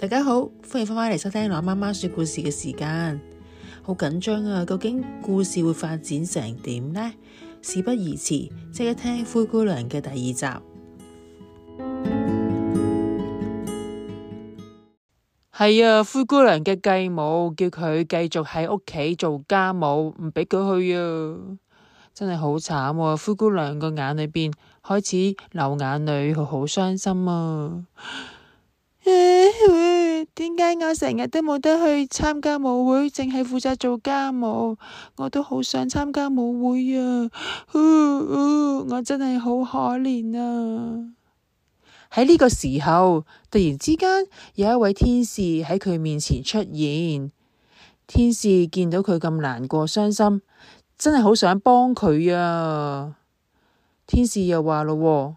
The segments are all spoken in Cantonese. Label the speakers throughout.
Speaker 1: 大家好，歡迎翻返嚟收聽我阿媽媽說故事嘅時間，好緊張啊！究竟故事會發展成點呢？事不宜遲，即刻聽灰姑娘嘅第二集。係啊，灰姑娘嘅繼母叫佢繼續喺屋企做家務，唔俾佢去啊！真係好慘喎、啊，灰姑娘個眼裏邊開始流眼淚，佢好傷心啊！ 點解我成日都冇得去參加舞會，淨係負責做家務？我都好想參加舞會啊！呃呃、我真係好可憐啊！喺呢個時候，突然之間有一位天使喺佢面前出現。天使見到佢咁難過、傷心，真係好想幫佢啊！天使又話咯啊：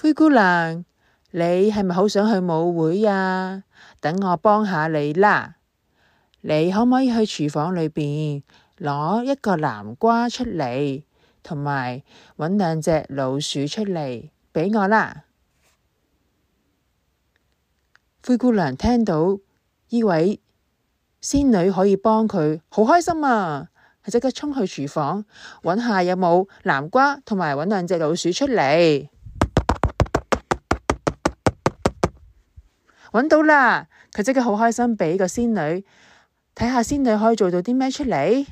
Speaker 1: 灰姑娘。你係咪好想去舞會啊？等我幫下你啦！你可唔可以去廚房裏邊攞一個南瓜出嚟，同埋揾兩隻老鼠出嚟畀我啦？灰姑娘聽到呢位仙女可以幫佢，好開心啊！佢即刻衝去廚房揾下有冇南瓜，同埋揾兩隻老鼠出嚟。搵到啦！佢即刻好開心，俾個仙女睇下，看看仙女可以做到啲咩出嚟？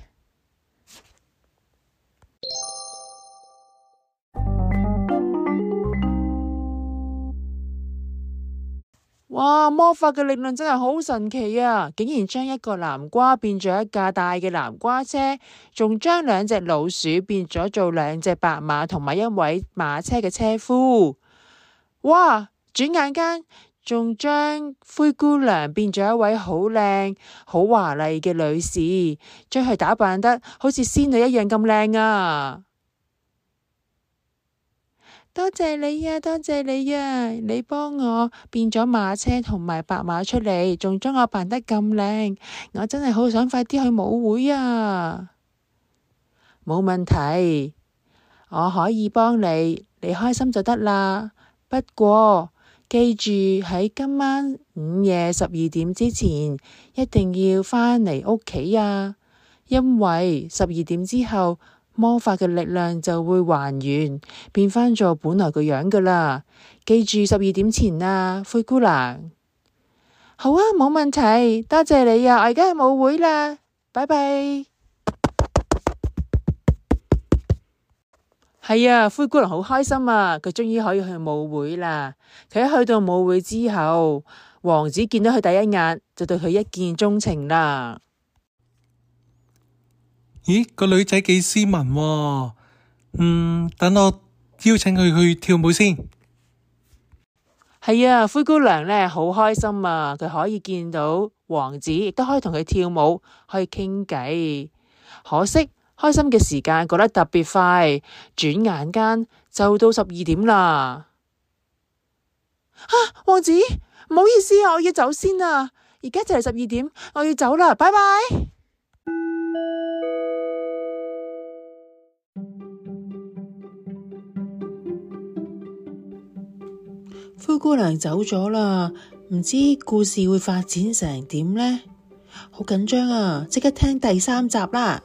Speaker 1: 哇！魔法嘅力量真係好神奇啊！竟然將一個南瓜變咗一架大嘅南瓜車，仲將兩隻老鼠變咗做兩隻白馬，同埋一位馬車嘅車夫。哇！轉眼間。仲將灰姑娘變咗一位好靚、好華麗嘅女士，將佢打扮得好似仙女一樣咁靚啊，啊！多謝你呀，多謝你呀，你幫我變咗馬車同埋白馬出嚟，仲將我扮得咁靚，我真係好想快啲去舞會啊！冇問題，我可以幫你，你開心就得啦。不過，記住喺今晚午夜十二點之前一定要返嚟屋企啊！因為十二點之後魔法嘅力量就會還原，變返做本來個樣噶啦。記住十二點前啊，灰姑娘。好啊，冇問題，多謝你啊！我而家去舞會啦，拜拜。係啊，灰姑娘好開心啊，佢終於可以去舞會啦。佢一去到舞會之後，王子見到佢第一眼就對佢一見鍾情啦。咦，個女仔幾斯文喎？嗯，等我邀請佢去跳舞先。係啊，灰姑娘呢，好開心啊，佢可以見到王子，亦都可以同佢跳舞，可以傾偈。可惜。開心嘅時間過得特別快，轉眼間就到十二點啦。啊，王子，唔好意思啊，我要走先啦。而家就係十二點，我要走啦，拜拜。灰姑娘走咗啦，唔知故事會發展成點呢？好緊張啊！即刻聽第三集啦。